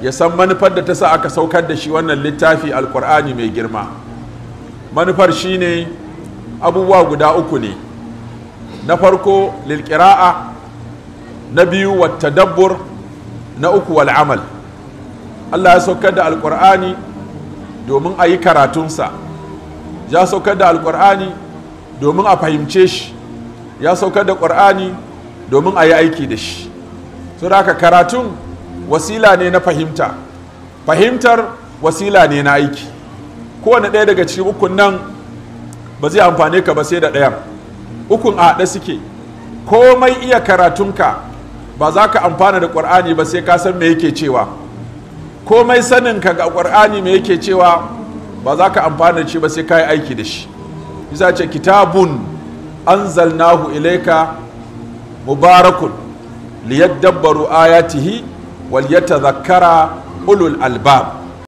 ya san manufar da ta sa aka saukar da shi wannan littafi alkur'ani mai girma manufar shine abubuwa guda uku ne na farko lilkira'a na biyu wata dabbur na uku wal'amal allah ya saukar da alkur'ani domin a yi karatunsa ya saukar da alkur'ani domin a fahimce shi ya saukar da ƙur'ani domin a yi aiki da shi saboda karatun wasila ne na fahimta fahimtar wasila ne na aiki kowane ɗaya daga cikin ukun nan ba zai amfane ka ba sai da ɗayan ukun a haɗe suke komai iya karatunka ba za ka amfana da ƙwar'ani ba sai ka san me yake cewa komai sanin ka ga ƙwar'ani me yake cewa ba za ka amfana da shi ba sai ka yi aiki da shi bisa ce kitabun anzalnahu ilaika mubarakun liyaddabbaru ayatihi wal yatazakkara ulul albab